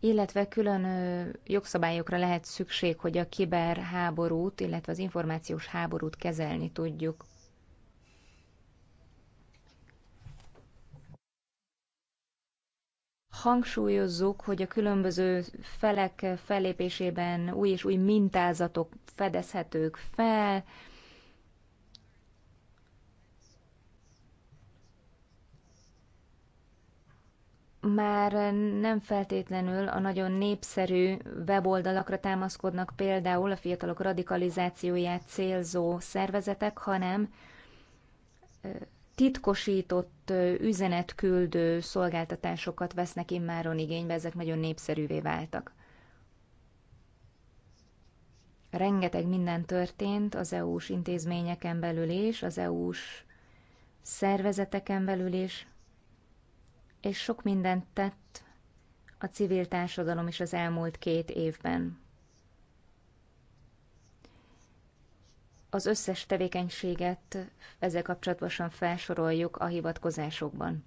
illetve külön jogszabályokra lehet szükség, hogy a kiberháborút, illetve az információs háborút kezelni tudjuk. Hangsúlyozzuk, hogy a különböző felek fellépésében új és új mintázatok fedezhetők fel, már nem feltétlenül a nagyon népszerű weboldalakra támaszkodnak például a fiatalok radikalizációját célzó szervezetek, hanem titkosított üzenetküldő szolgáltatásokat vesznek immáron igénybe, ezek nagyon népszerűvé váltak. Rengeteg minden történt az EU-s intézményeken belül is, az EU-s szervezeteken belül is, és sok mindent tett a civil társadalom is az elmúlt két évben. Az összes tevékenységet ezzel kapcsolatosan felsoroljuk a hivatkozásokban.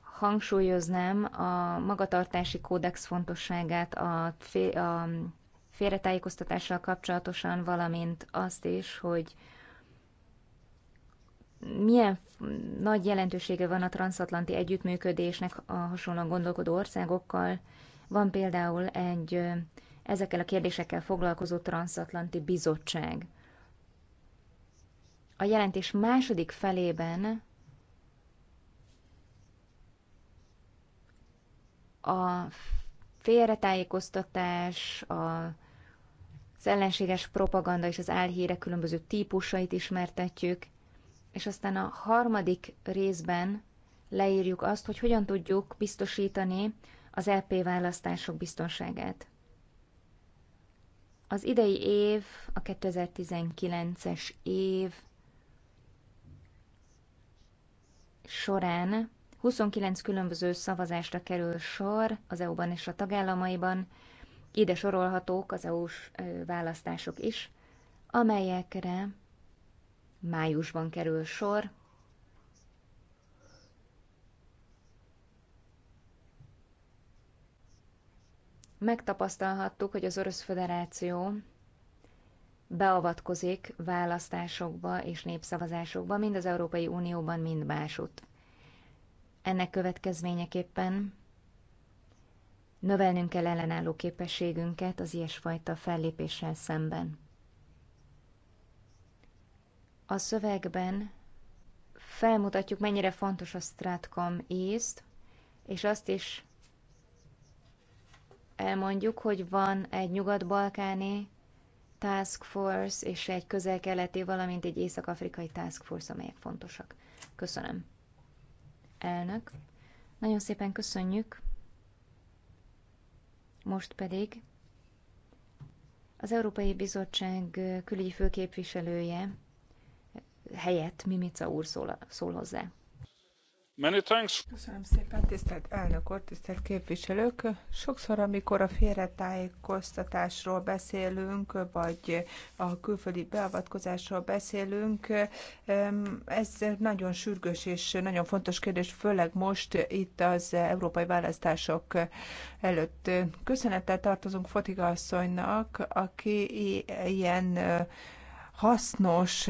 Hangsúlyoznám a magatartási kódex fontosságát a, fél, a félretájékoztatással kapcsolatosan, valamint azt is, hogy milyen nagy jelentősége van a transatlanti együttműködésnek a hasonlóan gondolkodó országokkal. Van például egy ezekkel a kérdésekkel foglalkozó transatlanti bizottság. A jelentés második felében a félretájékoztatás, a az ellenséges propaganda és az álhírek különböző típusait ismertetjük, és aztán a harmadik részben leírjuk azt, hogy hogyan tudjuk biztosítani az LP e választások biztonságát. Az idei év, a 2019-es év során 29 különböző szavazásra kerül sor az EU-ban és a tagállamaiban, ide sorolhatók az EU-s választások is, amelyekre májusban kerül sor. Megtapasztalhattuk, hogy az Orosz Föderáció beavatkozik választásokba és népszavazásokba, mind az Európai Unióban, mind másutt. Ennek következményeképpen növelnünk kell ellenálló képességünket az ilyesfajta fellépéssel szemben. A szövegben felmutatjuk, mennyire fontos a Stratcom észt, és azt is elmondjuk, hogy van egy nyugat-balkáni task force és egy közel-keleti, valamint egy észak-afrikai task force, amelyek fontosak. Köszönöm. Elnök, nagyon szépen köszönjük. Most pedig az Európai Bizottság külügyi főképviselője, helyett Mimica úr szól, szól hozzá. Many thanks. Köszönöm szépen, tisztelt elnök úr, tisztelt képviselők! Sokszor, amikor a félretájékoztatásról beszélünk, vagy a külföldi beavatkozásról beszélünk, ez nagyon sürgős és nagyon fontos kérdés, főleg most itt az európai választások előtt. Köszönettel tartozunk Fotiga asszonynak, aki ilyen hasznos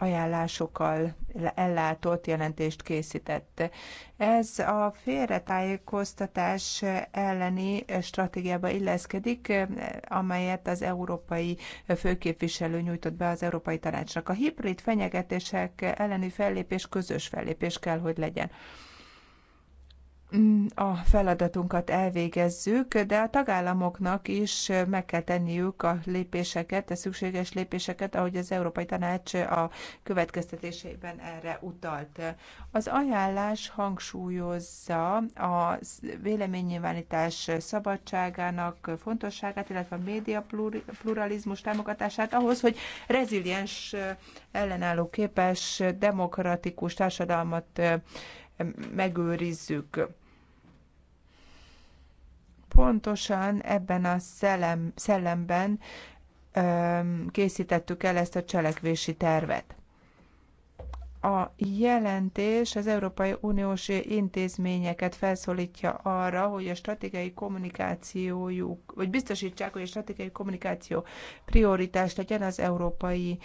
ajánlásokkal ellátott jelentést készített. Ez a félretájékoztatás elleni stratégiába illeszkedik, amelyet az európai főképviselő nyújtott be az Európai Tanácsnak. A hibrid fenyegetések elleni fellépés közös fellépés kell, hogy legyen a feladatunkat elvégezzük, de a tagállamoknak is meg kell tenniük a lépéseket, a szükséges lépéseket, ahogy az Európai Tanács a következtetéseiben erre utalt. Az ajánlás hangsúlyozza a véleménynyilvánítás szabadságának fontosságát, illetve a média pluralizmus támogatását ahhoz, hogy reziliens, ellenálló képes, demokratikus társadalmat megőrizzük Pontosan ebben a szellemben öm, készítettük el ezt a cselekvési tervet a jelentés az Európai Uniós intézményeket felszólítja arra, hogy a stratégiai kommunikációjuk, vagy biztosítsák, hogy a stratégiai kommunikáció prioritást legyen az európai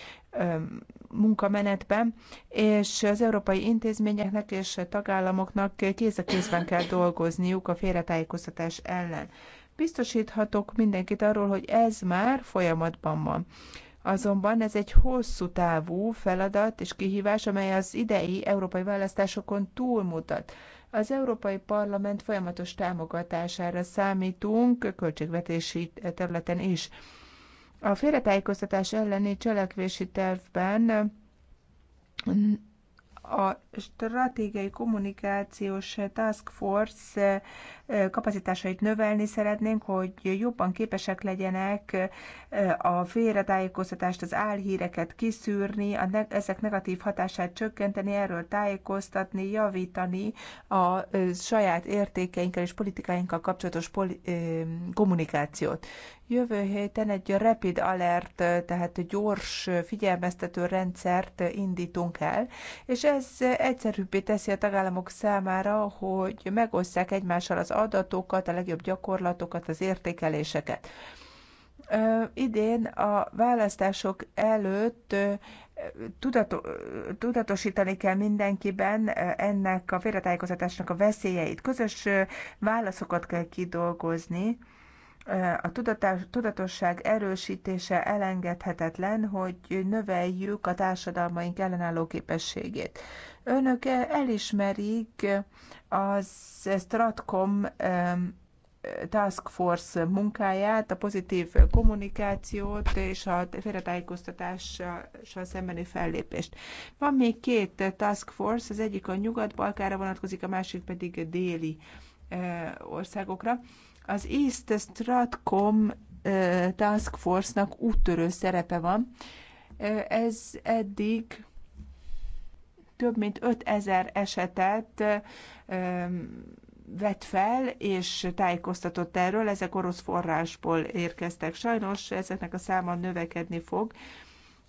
munkamenetben, és az európai intézményeknek és tagállamoknak kéz a kézben kell dolgozniuk a félretájékoztatás ellen. Biztosíthatok mindenkit arról, hogy ez már folyamatban van. Azonban ez egy hosszú távú feladat és kihívás, amely az idei európai választásokon túlmutat. Az Európai Parlament folyamatos támogatására számítunk költségvetési területen is. A félretájékoztatás elleni cselekvési tervben a stratégiai kommunikációs task force eh, kapacitásait növelni szeretnénk, hogy jobban képesek legyenek eh, a félretájékoztatást, az álhíreket kiszűrni, a ne- ezek negatív hatását csökkenteni, erről tájékoztatni, javítani a eh, saját értékeinkkel és politikáinkkal kapcsolatos poli- kommunikációt. Jövő héten egy rapid alert, tehát gyors figyelmeztető rendszert indítunk el, és ez egyszerűbbé teszi a tagállamok számára, hogy megosszák egymással az adatokat, a legjobb gyakorlatokat, az értékeléseket. Idén a választások előtt tudato, tudatosítani kell mindenkiben ennek a félretájékozatásnak a veszélyeit. Közös válaszokat kell kidolgozni a tudatás, tudatosság erősítése elengedhetetlen, hogy növeljük a társadalmaink ellenálló képességét. Önök elismerik az Stratcom Task Force munkáját, a pozitív kommunikációt és a félretájékoztatással szembeni fellépést. Van még két Task Force, az egyik a Nyugat-Balkára vonatkozik, a másik pedig a déli országokra. Az East Stratcom Task Force-nak úttörő szerepe van. Ez eddig több mint 5000 esetet vett fel, és tájékoztatott erről, ezek orosz forrásból érkeztek. Sajnos ezeknek a száma növekedni fog,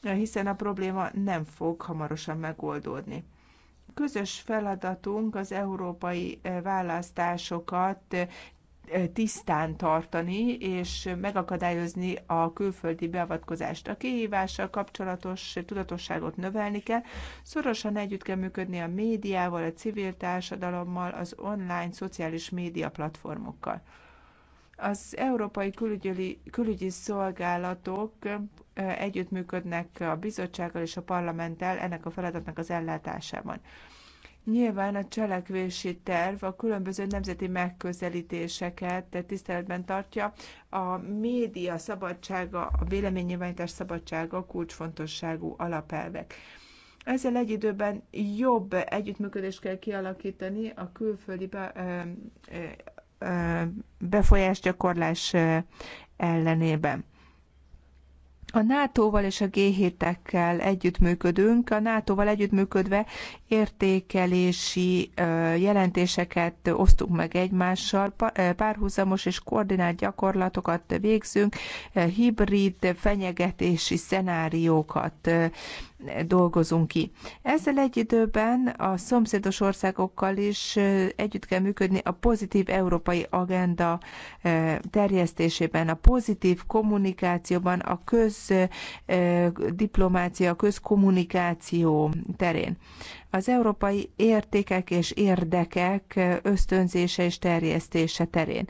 hiszen a probléma nem fog hamarosan megoldódni. Közös feladatunk az európai választásokat tisztán tartani, és megakadályozni a külföldi beavatkozást. A kihívással kapcsolatos tudatosságot növelni kell, szorosan együtt kell működni a médiával, a civil társadalommal, az online szociális média platformokkal. Az Európai Külügyi, Külügyi Szolgálatok együttműködnek a bizottsággal és a parlamenttel ennek a feladatnak az ellátásában. Nyilván a cselekvési terv a különböző nemzeti megközelítéseket tiszteletben tartja. A média szabadsága, a véleménynyilvánítás szabadsága kulcsfontosságú alapelvek. Ezzel egy időben jobb együttműködést kell kialakítani a külföldi be, ö, ö, befolyásgyakorlás ellenében. A NATO-val és a G7-ekkel együttműködünk. A NATO-val együttműködve értékelési jelentéseket osztunk meg egymással, párhuzamos és koordinált gyakorlatokat végzünk, hibrid fenyegetési szenáriókat dolgozunk ki. Ezzel egy időben a szomszédos országokkal is együtt kell működni a pozitív európai agenda terjesztésében, a pozitív kommunikációban, a közdiplomácia, a közkommunikáció terén. Az európai értékek és érdekek ösztönzése és terjesztése terén.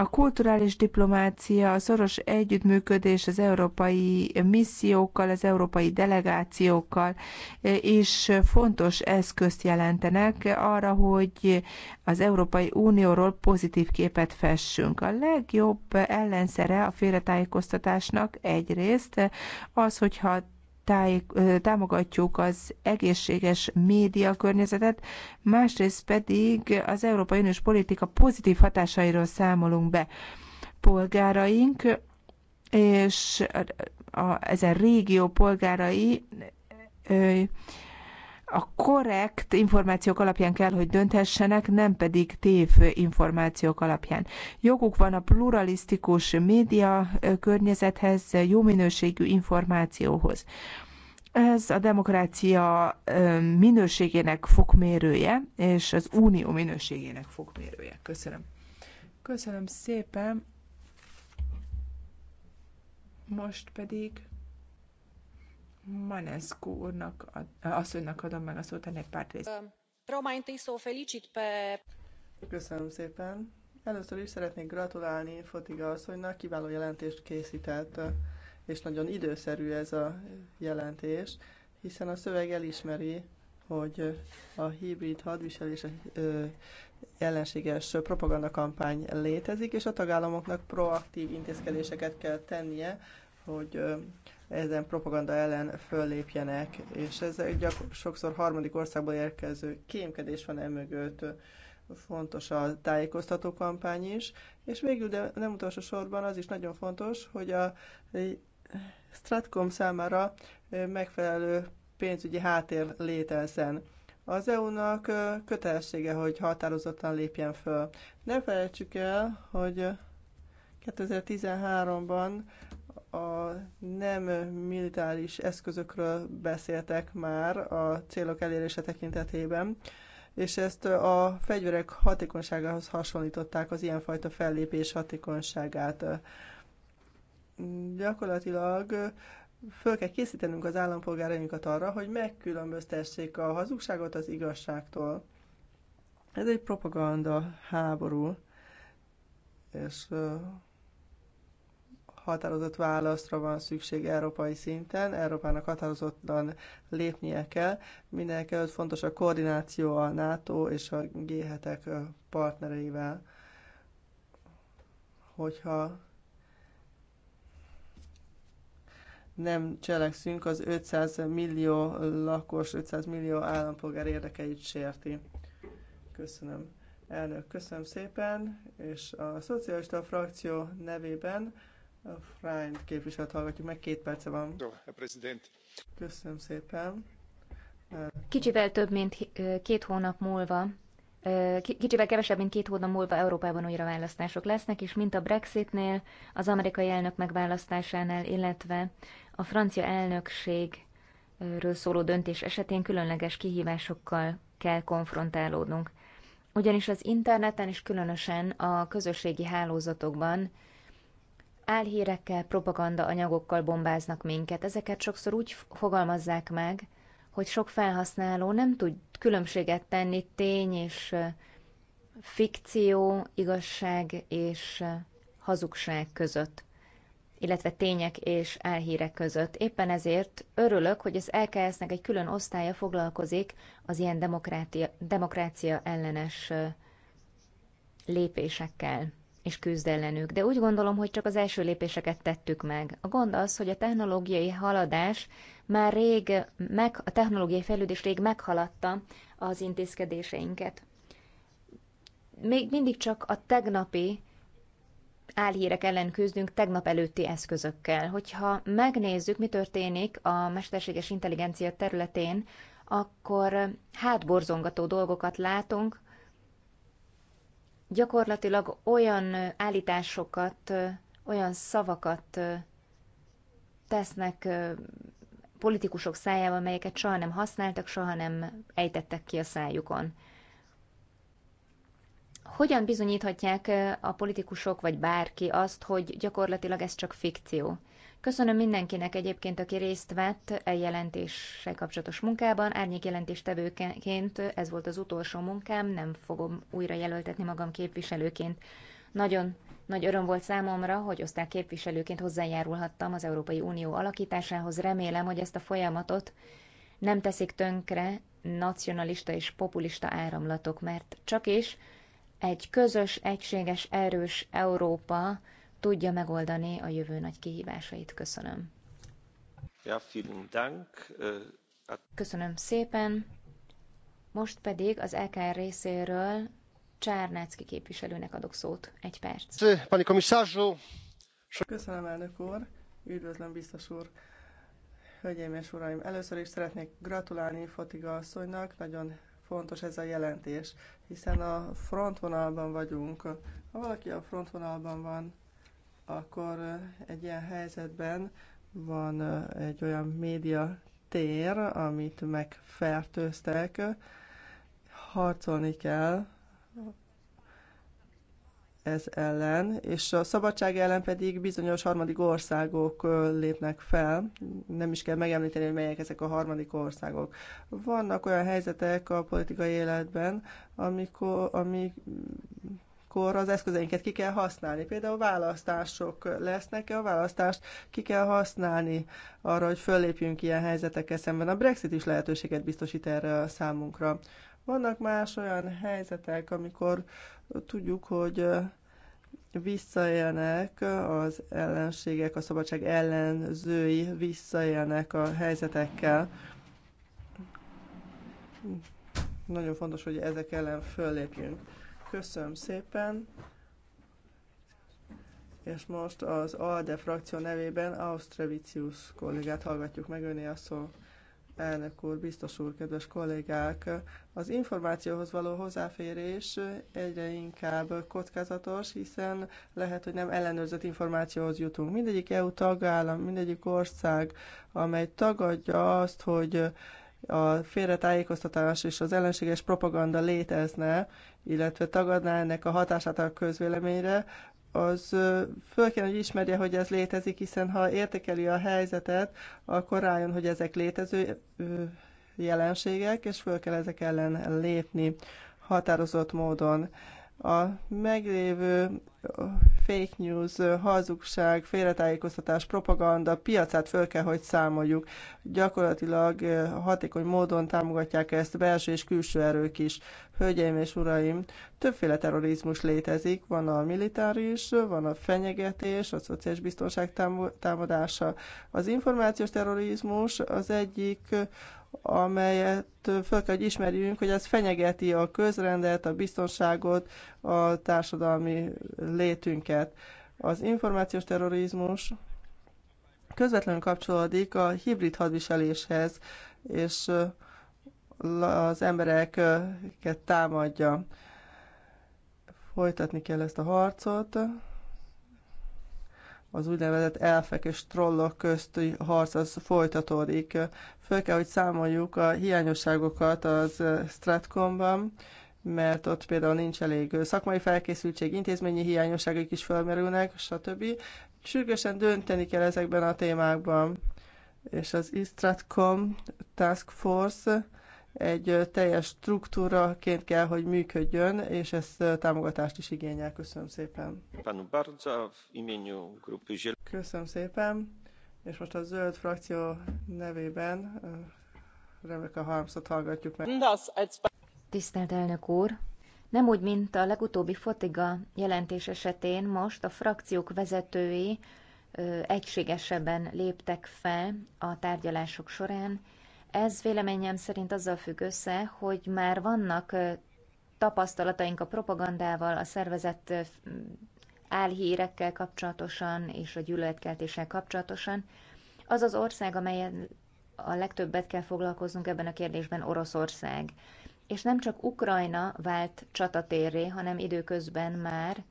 A kulturális diplomácia, a szoros együttműködés az európai missziókkal, az európai delegációkkal e, is fontos eszközt jelentenek arra, hogy az Európai Unióról pozitív képet fessünk. A legjobb ellenszere a félretájékoztatásnak egyrészt az, hogyha támogatjuk az egészséges média környezetet, másrészt pedig az Európai Uniós politika pozitív hatásairól számolunk be. Polgáraink és a, a, ezen régió polgárai a korrekt információk alapján kell, hogy dönthessenek, nem pedig tév információk alapján. Joguk van a pluralisztikus média környezethez, jó minőségű információhoz. Ez a demokrácia minőségének fokmérője, és az unió minőségének fokmérője. Köszönöm. Köszönöm szépen. Most pedig Manescu úrnak, asszonynak adom meg a szót a néppárt részt. Köszönöm szépen. Először is szeretnék gratulálni Fotiga asszonynak, kiváló jelentést készített, és nagyon időszerű ez a jelentés, hiszen a szöveg elismeri, hogy a hibrid hadviselés ellenséges propagandakampány létezik, és a tagállamoknak proaktív intézkedéseket kell tennie, hogy ezen propaganda ellen föllépjenek, és ez egy sokszor harmadik országból érkező kémkedés van emögött. Fontos a tájékoztató kampány is, és végül, de nem utolsó sorban az is nagyon fontos, hogy a Stratcom számára megfelelő pénzügyi háttér létezzen. Az EU-nak kötelessége, hogy határozottan lépjen föl. Ne felejtsük el, hogy 2013-ban a nem militáris eszközökről beszéltek már a célok elérése tekintetében, és ezt a fegyverek hatékonyságához hasonlították az ilyenfajta fellépés hatékonyságát. Gyakorlatilag föl kell készítenünk az állampolgárainkat arra, hogy megkülönböztessék a hazugságot az igazságtól. Ez egy propaganda háború, és határozott válaszra van szükség európai szinten, Európának határozottan lépnie kell. Mindenek előtt fontos a koordináció a NATO és a g partnereivel. Hogyha nem cselekszünk, az 500 millió lakos, 500 millió állampolgár érdekeit sérti. Köszönöm. Elnök, köszönöm szépen, és a szocialista frakció nevében Freund képviselőt hallgatjuk meg, két perce van. Köszönöm szépen. Kicsivel több, mint eh, két hónap múlva eh, Kicsivel kevesebb, mint két hónap múlva Európában újra választások lesznek, és mint a Brexitnél, az amerikai elnök megválasztásánál, illetve a francia elnökségről szóló döntés esetén különleges kihívásokkal kell konfrontálódnunk. Ugyanis az interneten és különösen a közösségi hálózatokban álhírekkel, propaganda anyagokkal bombáznak minket. Ezeket sokszor úgy fogalmazzák meg, hogy sok felhasználó nem tud különbséget tenni tény és fikció, igazság és hazugság között, illetve tények és elhírek között. Éppen ezért örülök, hogy az LKS-nek egy külön osztálya foglalkozik az ilyen demokrácia, demokrácia ellenes lépésekkel és küzd ellenük. De úgy gondolom, hogy csak az első lépéseket tettük meg. A gond az, hogy a technológiai haladás már rég, meg, a technológiai fejlődés rég meghaladta az intézkedéseinket. Még mindig csak a tegnapi álhírek ellen küzdünk tegnap előtti eszközökkel. Hogyha megnézzük, mi történik a mesterséges intelligencia területén, akkor hátborzongató dolgokat látunk, gyakorlatilag olyan állításokat, olyan szavakat tesznek politikusok szájába, amelyeket soha nem használtak, soha nem ejtettek ki a szájukon. Hogyan bizonyíthatják a politikusok vagy bárki azt, hogy gyakorlatilag ez csak fikció? Köszönöm mindenkinek egyébként, aki részt vett e jelentéssel kapcsolatos munkában. Árnyék jelentéstevőként ez volt az utolsó munkám, nem fogom újra jelöltetni magam képviselőként. Nagyon nagy öröm volt számomra, hogy osztály képviselőként hozzájárulhattam az Európai Unió alakításához. Remélem, hogy ezt a folyamatot nem teszik tönkre nacionalista és populista áramlatok, mert csak is egy közös, egységes, erős Európa tudja megoldani a jövő nagy kihívásait. Köszönöm. Ja, vielen Dank. Köszönöm szépen. Most pedig az EKR részéről Csárnácki képviselőnek adok szót. Egy perc. Pani komisarzu! Köszönöm, elnök úr. Üdvözlöm, biztos úr. Hölgyeim és uraim, először is szeretnék gratulálni Fotiga asszonynak, nagyon fontos ez a jelentés, hiszen a frontvonalban vagyunk. Ha valaki a frontvonalban van, akkor egy ilyen helyzetben van egy olyan média tér, amit megfertőztek, harcolni kell ez ellen, és a szabadság ellen pedig bizonyos harmadik országok lépnek fel, nem is kell megemlíteni, hogy melyek ezek a harmadik országok. Vannak olyan helyzetek a politikai életben, amikor, ami akkor az eszközeinket ki kell használni. Például választások lesznek, a választást ki kell használni arra, hogy föllépjünk ilyen helyzetekkel szemben. A Brexit is lehetőséget biztosít erre a számunkra. Vannak más olyan helyzetek, amikor tudjuk, hogy visszaélnek az ellenségek, a szabadság ellenzői visszaélnek a helyzetekkel. Nagyon fontos, hogy ezek ellen föllépjünk. Köszönöm szépen. És most az ALDE frakció nevében Austrevicius kollégát hallgatjuk meg, öné a szó. Elnök úr, biztos úr, kedves kollégák! Az információhoz való hozzáférés egyre inkább kockázatos, hiszen lehet, hogy nem ellenőrzött információhoz jutunk. Mindegyik EU tagállam, mindegyik ország, amely tagadja azt, hogy a félretájékoztatás és az ellenséges propaganda létezne, illetve tagadná ennek a hatását a közvéleményre, az föl kell, hogy ismerje, hogy ez létezik, hiszen ha értékeli a helyzetet, akkor rájön, hogy ezek létező jelenségek, és föl kell ezek ellen lépni határozott módon. A meglévő fake news, hazugság, félretájékoztatás, propaganda piacát föl kell, hogy számoljuk. Gyakorlatilag eh, hatékony módon támogatják ezt belső és külső erők is. Hölgyeim és uraim, többféle terrorizmus létezik, van a militáris, van a fenyegetés, a szociális biztonság támadása. Az információs terrorizmus az egyik amelyet föl kell, hogy ismerjünk, hogy ez fenyegeti a közrendet, a biztonságot, a társadalmi létünket. Az információs terrorizmus közvetlenül kapcsolódik a hibrid hadviseléshez, és az embereket támadja. Folytatni kell ezt a harcot. Az úgynevezett elfek és trollok közti harc az folytatódik. Föl kell, hogy számoljuk a hiányosságokat az Stratcomban, mert ott például nincs elég szakmai felkészültség, intézményi hiányosságok is felmerülnek, stb. Sürgősen dönteni kell ezekben a témákban. És az Istratcom Task Force egy teljes struktúraként kell, hogy működjön, és ez támogatást is igényel. Köszönöm szépen. Köszönöm szépen. És most a zöld frakció nevében Rebecca Harmsot hallgatjuk meg. Tisztelt elnök úr! Nem úgy, mint a legutóbbi Fotiga jelentés esetén, most a frakciók vezetői ö, egységesebben léptek fel a tárgyalások során. Ez véleményem szerint azzal függ össze, hogy már vannak ö, tapasztalataink a propagandával, a szervezett ö, álhírekkel kapcsolatosan és a gyűlöletkeltéssel kapcsolatosan. Az az ország, amelyen a legtöbbet kell foglalkoznunk ebben a kérdésben Oroszország és nem csak Ukrajna vált csatatérré, hanem időközben már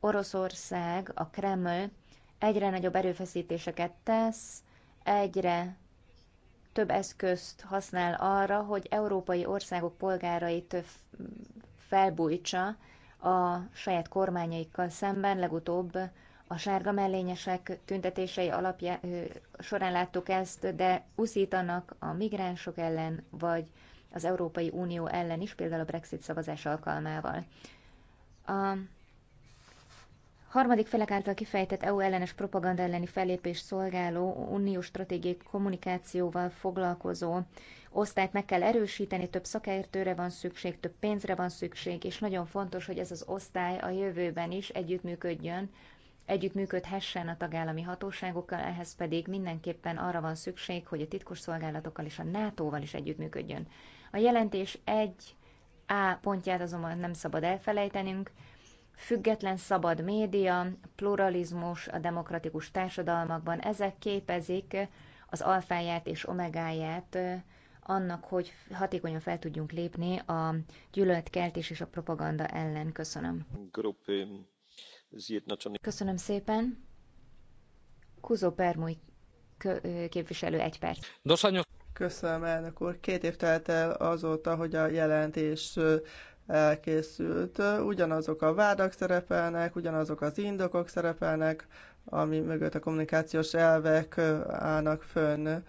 Oroszország, a Kreml egyre nagyobb erőfeszítéseket tesz, egyre több eszközt használ arra, hogy európai országok polgárait felbújtsa a saját kormányaikkal szemben, legutóbb a sárga mellényesek tüntetései alapján során láttuk ezt, de uszítanak a migránsok ellen, vagy az Európai Unió ellen is, például a Brexit szavazás alkalmával. A harmadik felek által kifejtett EU ellenes propaganda elleni fellépés szolgáló uniós stratégiai kommunikációval foglalkozó osztályt meg kell erősíteni, több szakértőre van szükség, több pénzre van szükség, és nagyon fontos, hogy ez az osztály a jövőben is együttműködjön, együttműködhessen a tagállami hatóságokkal, ehhez pedig mindenképpen arra van szükség, hogy a titkos szolgálatokkal és a NATO-val is együttműködjön. A jelentés egy A pontját azonban nem szabad elfelejtenünk, független szabad média, pluralizmus a demokratikus társadalmakban, ezek képezik az alfáját és omegáját annak, hogy hatékonyan fel tudjunk lépni a gyűlöletkeltés és a propaganda ellen. Köszönöm. Köszönöm szépen. Kuzó Permúj képviselő egy perc. Köszönöm, elnök úr. Két év telt el azóta, hogy a jelentés elkészült. Ugyanazok a vádak szerepelnek, ugyanazok az indokok szerepelnek, ami mögött a kommunikációs elvek állnak fönn.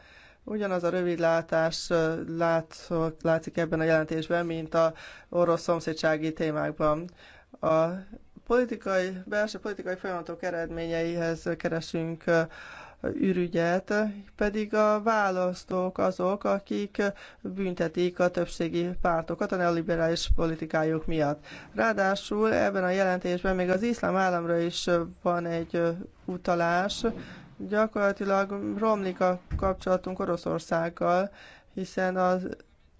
Ugyanaz a rövidlátás látszok, látszik ebben a jelentésben, mint a orosz szomszédsági témákban. A politikai, belső politikai folyamatok eredményeihez keresünk ürügyet, pedig a választók azok, akik büntetik a többségi pártokat a neoliberális politikájuk miatt. Ráadásul ebben a jelentésben még az iszlám államra is van egy utalás, gyakorlatilag romlik a kapcsolatunk Oroszországgal, hiszen az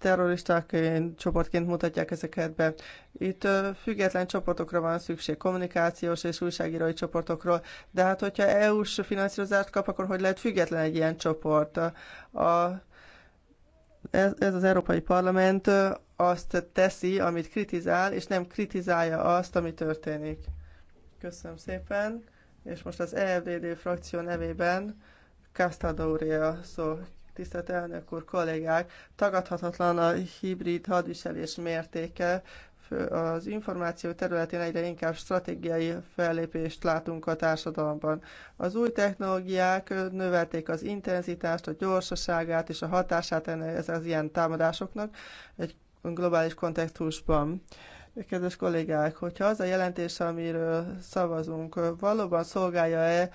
terroristák csoportként mutatják ezeket be. Itt független csoportokra van szükség, kommunikációs és újságírói csoportokról, de hát hogyha EU-s finanszírozást kap, akkor hogy lehet független egy ilyen csoport? A, ez, ez az Európai Parlament azt teszi, amit kritizál, és nem kritizálja azt, ami történik. Köszönöm szépen, és most az EFDD frakció nevében Castadoria szó tisztelt elnök úr, kollégák, tagadhatatlan a hibrid hadviselés mértéke, az információ területén egyre inkább stratégiai fellépést látunk a társadalomban. Az új technológiák növelték az intenzitást, a gyorsaságát és a hatását ez az ilyen támadásoknak egy globális kontextusban. Kedves kollégák, hogyha az a jelentés, amiről szavazunk, valóban szolgálja-e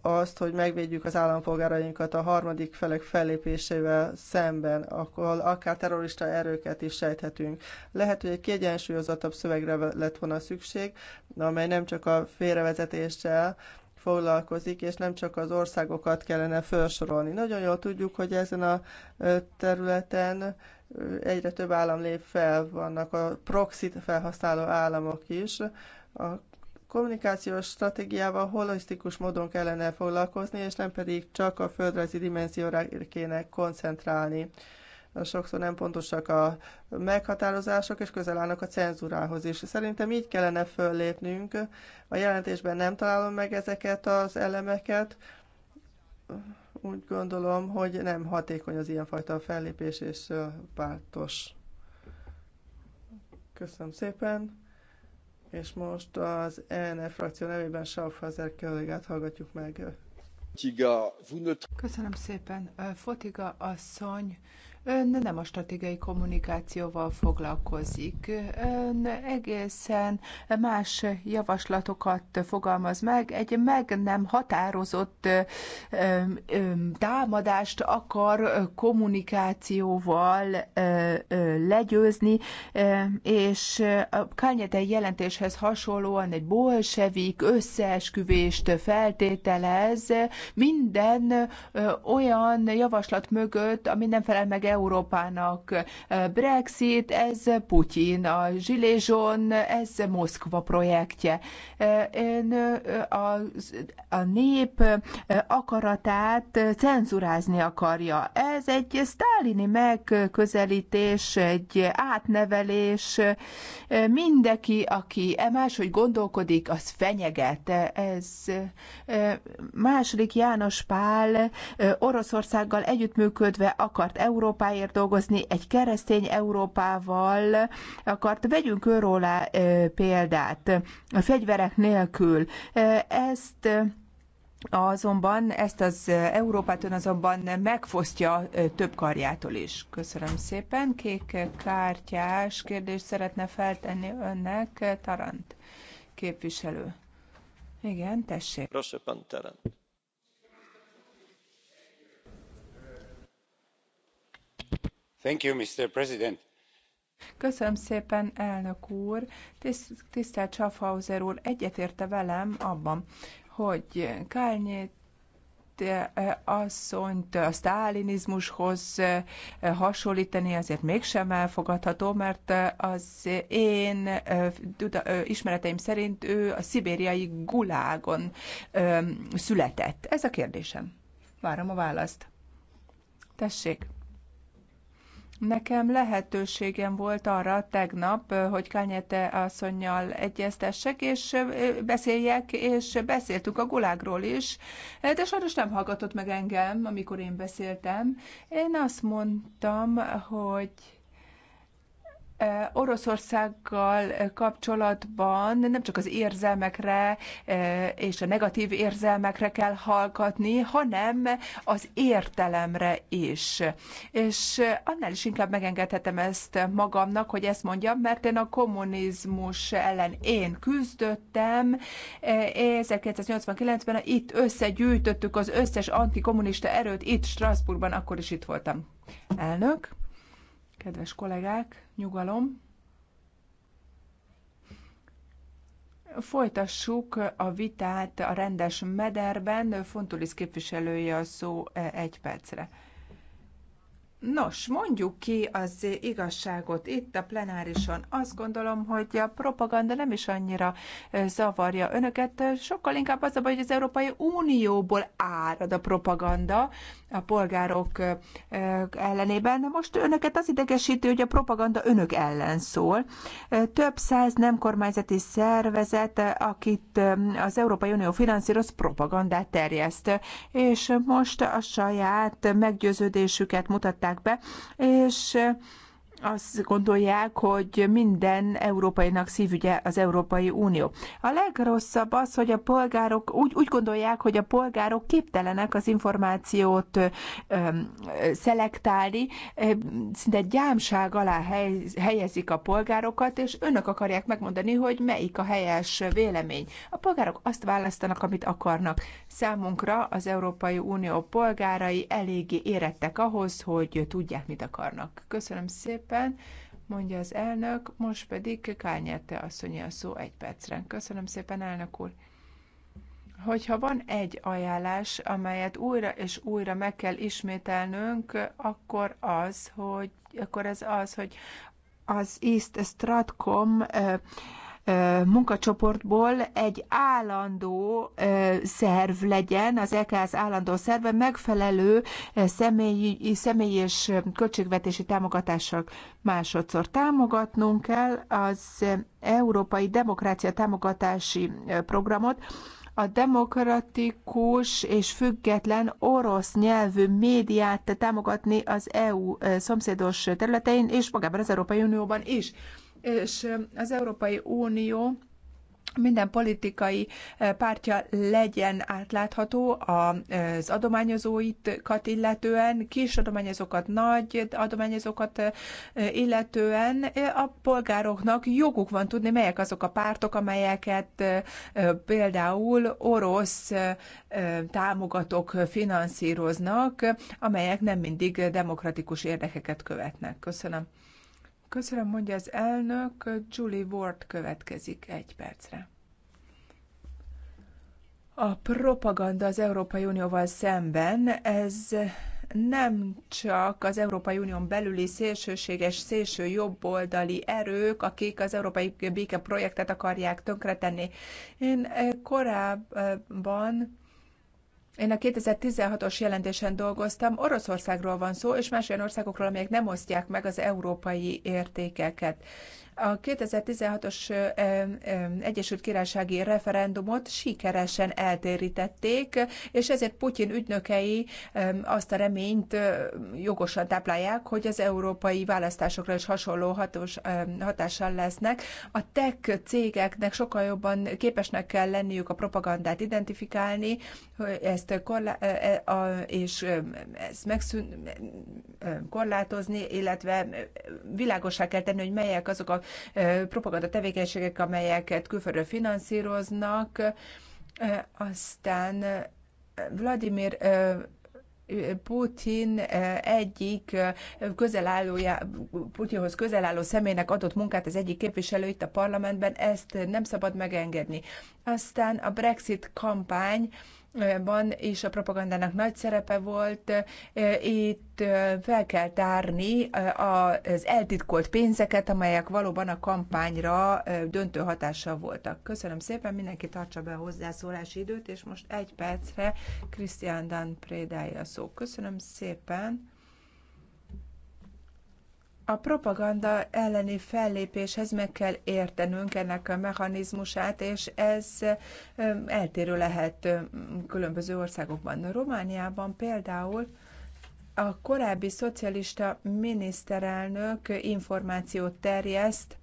azt, hogy megvédjük az állampolgárainkat a harmadik felek fellépésével szemben, akkor akár terrorista erőket is sejthetünk. Lehet, hogy egy kiegyensúlyozottabb szövegre lett volna szükség, amely nem csak a félrevezetéssel, foglalkozik, és nem csak az országokat kellene felsorolni. Nagyon jól tudjuk, hogy ezen a területen egyre több állam lép fel, vannak a proxy felhasználó államok is. A kommunikációs stratégiával holisztikus módon kellene foglalkozni, és nem pedig csak a földrajzi dimenzióra kéne koncentrálni. Sokszor nem pontosak a meghatározások, és közel állnak a cenzúrához is. Szerintem így kellene föllépnünk. A jelentésben nem találom meg ezeket az elemeket, úgy gondolom, hogy nem hatékony az ilyenfajta fellépés és pártos. Köszönöm szépen. És most az ENF frakció nevében Schaufhauser kollégát hallgatjuk meg. Köszönöm szépen. Fotiga asszony Ön nem a stratégiai kommunikációval foglalkozik. Ön egészen más javaslatokat fogalmaz meg. Egy meg nem határozott támadást akar kommunikációval legyőzni, és a Kányete jelentéshez hasonlóan egy bolsevik összeesküvést feltételez minden olyan javaslat mögött, ami nem felel meg Európának. Brexit, ez Putyin, a Zsilézson, ez Moszkva projektje. Ön a, a nép akaratát cenzurázni akarja. Ez egy sztálini megközelítés, egy átnevelés. Mindenki, aki e máshogy gondolkodik, az fenyeget. Ez második János Pál Oroszországgal együttműködve akart Európát Európáért dolgozni, egy keresztény Európával akart. Vegyünk őróla példát, a fegyverek nélkül. Ezt azonban ezt az Európát ön azonban megfosztja több karjától is. Köszönöm szépen. Kék kártyás kérdést szeretne feltenni önnek Tarant képviselő. Igen, tessék. Proszę pan Tarant. mr president Köszönöm szépen, elnök úr. Tisztelt Schaffhauser úr, egyetérte velem abban, hogy Kálnyét eh, eh, asszonyt a sztálinizmushoz eh, hasonlítani azért mégsem elfogadható, mert az én ismereteim szerint ő a szibériai gulágon született. Ez a kérdésem. Várom a választ. Tessék. Nekem lehetőségem volt arra tegnap, hogy Kányete asszonynal egyeztessek, és beszéljek, és beszéltünk a gulágról is, de sajnos nem hallgatott meg engem, amikor én beszéltem. Én azt mondtam, hogy Oroszországgal kapcsolatban nem csak az érzelmekre és a negatív érzelmekre kell hallgatni, hanem az értelemre is. És annál is inkább megengedhetem ezt magamnak, hogy ezt mondjam, mert én a kommunizmus ellen én küzdöttem. 1989-ben itt összegyűjtöttük az összes antikommunista erőt, itt Strasbourgban, akkor is itt voltam. Elnök, kedves kollégák! nyugalom. Folytassuk a vitát a rendes mederben. Fontulis képviselője a szó e, egy percre. Nos, mondjuk ki az igazságot itt a plenárison. Azt gondolom, hogy a propaganda nem is annyira zavarja önöket, sokkal inkább az a baj, hogy az Európai Unióból árad a propaganda a polgárok ellenében. most önöket az idegesítő, hogy a propaganda önök ellen szól. Több száz nem kormányzati szervezet, akit az Európai Unió finanszíroz, propagandát terjeszt. És most a saját meggyőződésüket mutatták hozták be, és azt gondolják, hogy minden európainak szívügye az Európai Unió. A legrosszabb az, hogy a polgárok úgy, úgy gondolják, hogy a polgárok képtelenek az információt ö, szelektálni, szinte gyámság alá helyezik a polgárokat, és önök akarják megmondani, hogy melyik a helyes vélemény. A polgárok azt választanak, amit akarnak. Számunkra az Európai Unió polgárai eléggé érettek ahhoz, hogy tudják, mit akarnak. Köszönöm szépen! szépen, mondja az elnök, most pedig Kányerte asszonyi a szó egy percre. Köszönöm szépen, elnök úr! Hogyha van egy ajánlás, amelyet újra és újra meg kell ismételnünk, akkor az, hogy akkor ez az, hogy az East Stratcom munkacsoportból egy állandó szerv legyen, az EKS állandó szerve megfelelő személyi, személyi és költségvetési támogatások másodszor támogatnunk kell az Európai Demokrácia Támogatási Programot, a demokratikus és független orosz nyelvű médiát támogatni az EU szomszédos területein és magában az Európai Unióban is és az Európai Unió minden politikai pártja legyen átlátható az adományozóikat illetően, kis adományozókat, nagy adományozókat illetően. A polgároknak joguk van tudni, melyek azok a pártok, amelyeket például orosz támogatók finanszíroznak, amelyek nem mindig demokratikus érdekeket követnek. Köszönöm. Köszönöm, mondja az elnök. Julie Ward következik egy percre. A propaganda az Európai Unióval szemben, ez nem csak az Európai Unión belüli szélsőséges, szélső jobboldali erők, akik az európai béke projektet akarják tönkretenni. Én korábban én a 2016-os jelentésen dolgoztam, Oroszországról van szó, és más olyan országokról, amelyek nem osztják meg az európai értékeket. A 2016-os Egyesült Királysági referendumot sikeresen eltérítették, és ezért Putyin ügynökei azt a reményt jogosan táplálják, hogy az európai választásokra is hasonló hatós, hatással lesznek. A tech cégeknek sokkal jobban képesnek kell lenniük a propagandát identifikálni, ezt korlá- és ezt megszűn- korlátozni, illetve világosá kell tenni, hogy melyek azok a propaganda tevékenységek, amelyeket külföldről finanszíroznak. Aztán Vladimir Putin egyik közelállója, Putyinhoz közelálló személynek adott munkát az egyik képviselő itt a parlamentben, ezt nem szabad megengedni. Aztán a Brexit kampány van, és a propagandának nagy szerepe volt. E, itt e, fel kell tárni e, az eltitkolt pénzeket, amelyek valóban a kampányra döntő hatással voltak. Köszönöm szépen, mindenki tartsa be a hozzászólási időt, és most egy percre Krisztián Dan Prédája szó. Köszönöm szépen. A propaganda elleni fellépéshez meg kell értenünk ennek a mechanizmusát, és ez eltérő lehet különböző országokban. Romániában például a korábbi szocialista miniszterelnök információt terjeszt,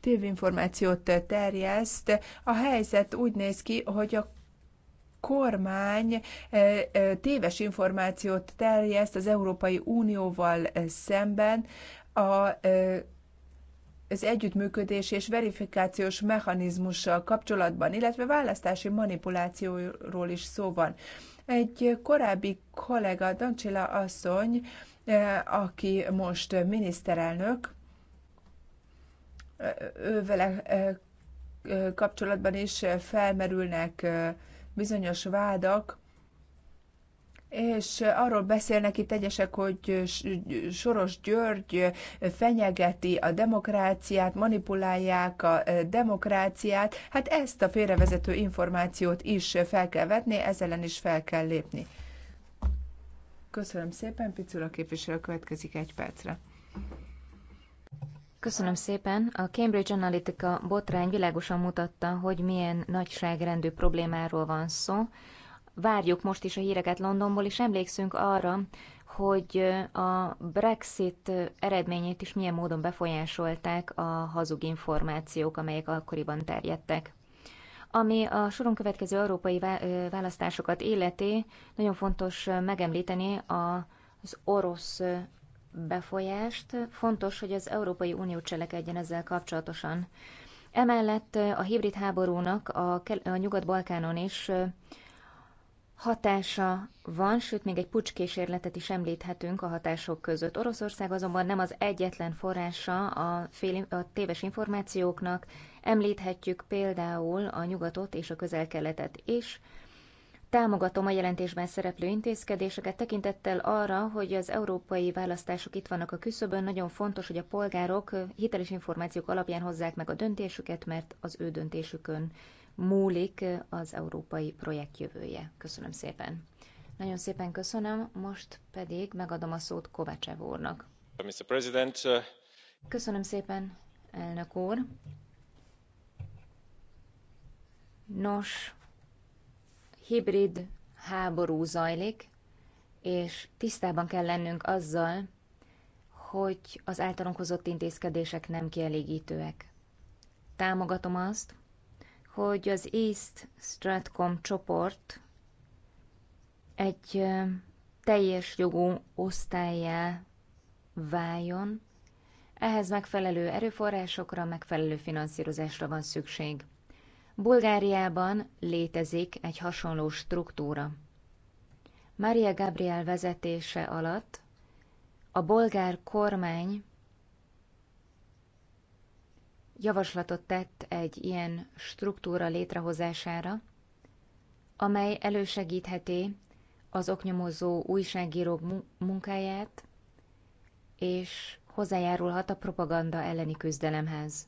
tévinformációt terjeszt. A helyzet úgy néz ki, hogy a kormány e, e, téves információt terjeszt az Európai Unióval e, szemben a az együttműködés és verifikációs mechanizmussal kapcsolatban, illetve választási manipulációról is szó van. Egy korábbi kollega, Dancsila asszony, aki most miniszterelnök, ővele kapcsolatban is felmerülnek bizonyos vádak, és arról beszélnek itt egyesek, hogy Soros György fenyegeti a demokráciát, manipulálják a demokráciát. Hát ezt a félrevezető információt is fel kell vetni, ezzel is fel kell lépni. Köszönöm szépen, Picula képviselő következik egy percre. Köszönöm szépen. A Cambridge Analytica botrány világosan mutatta, hogy milyen nagyságrendű problémáról van szó. Várjuk most is a híreket Londonból, és emlékszünk arra, hogy a Brexit eredményét is milyen módon befolyásolták a hazug információk, amelyek akkoriban terjedtek. Ami a soron következő európai választásokat életé, nagyon fontos megemlíteni az orosz befolyást. Fontos, hogy az Európai Unió cselekedjen ezzel kapcsolatosan. Emellett a hibrid háborúnak a, a Nyugat-Balkánon is hatása van, sőt még egy pucskísérletet is említhetünk a hatások között. Oroszország azonban nem az egyetlen forrása a, fél, a téves információknak, említhetjük például a nyugatot és a közel-keletet is, Támogatom a jelentésben szereplő intézkedéseket tekintettel arra, hogy az európai választások itt vannak a küszöbön, nagyon fontos, hogy a polgárok hiteles információk alapján hozzák meg a döntésüket, mert az ő döntésükön múlik az európai projekt jövője. Köszönöm szépen. Nagyon szépen köszönöm, most pedig megadom a szót Kovácsev úrnak. Mr. President, uh, Köszönöm szépen, elnök úr. Nos, hibrid háború zajlik, és tisztában kell lennünk azzal, hogy az általunk hozott intézkedések nem kielégítőek. Támogatom azt, hogy az East Stratcom csoport egy teljes jogú osztályá váljon, ehhez megfelelő erőforrásokra, megfelelő finanszírozásra van szükség. Bulgáriában létezik egy hasonló struktúra. Maria Gabriel vezetése alatt a bolgár kormány javaslatot tett egy ilyen struktúra létrehozására, amely elősegítheti az oknyomozó újságírók munkáját, és hozzájárulhat a propaganda elleni küzdelemhez.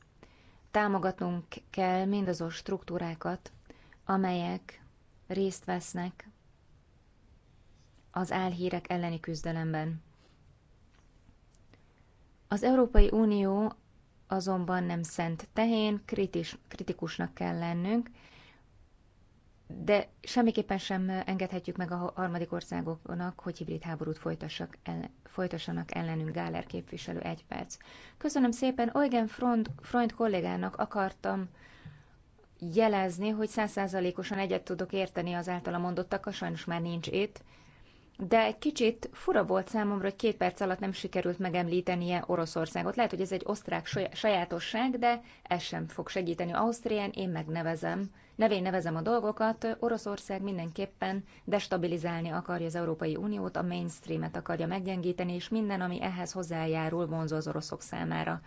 Támogatnunk kell mindazon struktúrákat, amelyek részt vesznek az álhírek elleni küzdelemben. Az Európai Unió azonban nem szent tehén, kritis, kritikusnak kell lennünk, de semmiképpen sem engedhetjük meg a harmadik országoknak, hogy hibrid háborút folytassak el, folytassanak ellenünk, Gáler képviselő, egy perc. Köszönöm szépen, Eugen Freund, Freund kollégának akartam jelezni, hogy százszázalékosan egyet tudok érteni az általa mondottakkal, sajnos már nincs itt, de egy kicsit fura volt számomra, hogy két perc alatt nem sikerült megemlítenie Oroszországot. Lehet, hogy ez egy osztrák sajátosság, de ez sem fog segíteni Ausztrián, én megnevezem. Nevén nevezem a dolgokat, Oroszország mindenképpen destabilizálni akarja az Európai Uniót, a mainstreamet akarja meggyengíteni, és minden, ami ehhez hozzájárul, vonzó az oroszok számára.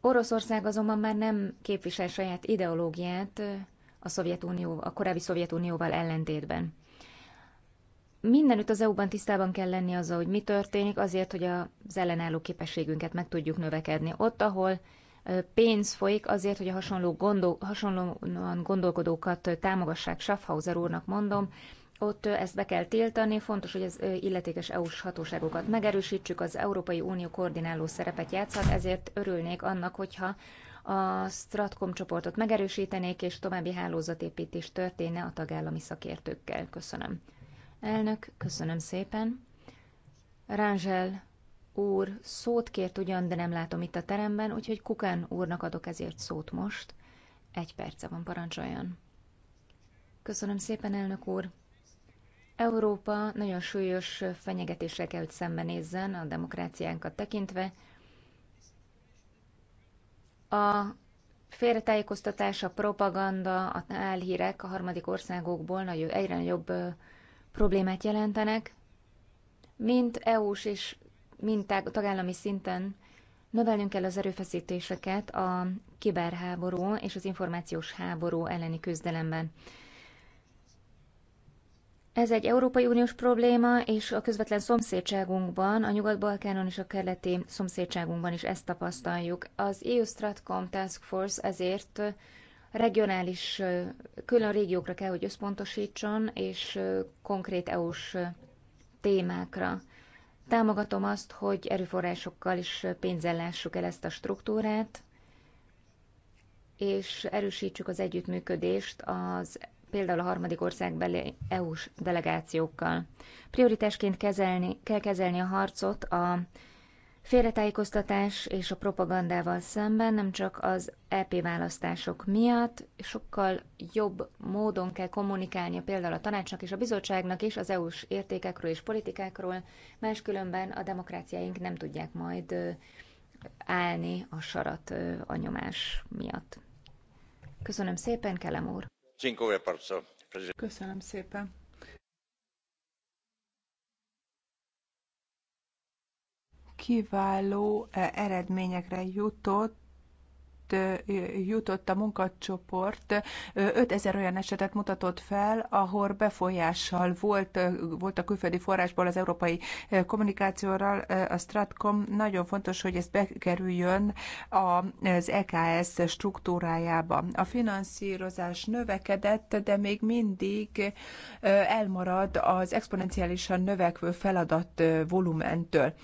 Oroszország azonban már nem képvisel saját ideológiát, a, Szovjetunió, a korábbi Szovjetunióval ellentétben. Mindenütt az EU-ban tisztában kell lenni azzal, hogy mi történik, azért, hogy az ellenálló képességünket meg tudjuk növekedni. Ott, ahol pénz folyik azért, hogy a hasonló gondol, hasonlóan gondolkodókat támogassák, Schaffhauser úrnak mondom, ott ezt be kell tiltani, fontos, hogy az illetékes EU-s hatóságokat megerősítsük, az Európai Unió koordináló szerepet játszhat, ezért örülnék annak, hogyha a Stratcom csoportot megerősítenék, és további hálózatépítés történne a tagállami szakértőkkel. Köszönöm. Elnök, köszönöm szépen. Rangel, úr szót kért ugyan, de nem látom itt a teremben, úgyhogy Kukán úrnak adok ezért szót most. Egy perce van, parancsoljon. Köszönöm szépen, elnök úr. Európa nagyon súlyos fenyegetésre kell, hogy szembenézzen a demokráciánkat tekintve, a félretájékoztatás, a propaganda, a elhírek a harmadik országokból nagyobb, egyre nagyobb problémát jelentenek, mint EU-s és mint tagállami szinten növelnünk kell az erőfeszítéseket a kiberháború és az információs háború elleni küzdelemben. Ez egy Európai Uniós probléma, és a közvetlen szomszédságunkban, a Nyugat-Balkánon és a keleti szomszédságunkban is ezt tapasztaljuk. Az EU Stratcom Task Force ezért regionális, külön régiókra kell, hogy összpontosítson, és konkrét EU-s témákra. Támogatom azt, hogy erőforrásokkal is pénzzel lássuk el ezt a struktúrát, és erősítsük az együttműködést az például a harmadik országbeli EU-s delegációkkal. Prioritásként kezelni, kell kezelni a harcot a félretájékoztatás és a propagandával szemben, nem csak az EP választások miatt, sokkal jobb módon kell kommunikálnia például a tanácsnak és a bizottságnak is az EU-s értékekről és politikákról, máskülönben a demokráciáink nem tudják majd állni a sarat anyomás miatt. Köszönöm szépen, Kelem úr! Köszönöm szépen. Kiváló eh, eredményekre jutott jutott a munkacsoport, 5000 olyan esetet mutatott fel, ahol befolyással volt, volt a külföldi forrásból az európai kommunikációral. A Stratcom nagyon fontos, hogy ez bekerüljön az EKS struktúrájába. A finanszírozás növekedett, de még mindig elmarad az exponenciálisan növekvő feladat volumentől